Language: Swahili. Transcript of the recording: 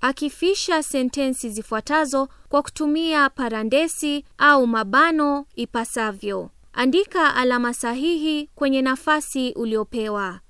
Akifisha sentensi zifuatazo kwa kutumia parandesi au mabano ipasavyo. Andika alama sahihi kwenye nafasi uliopewa.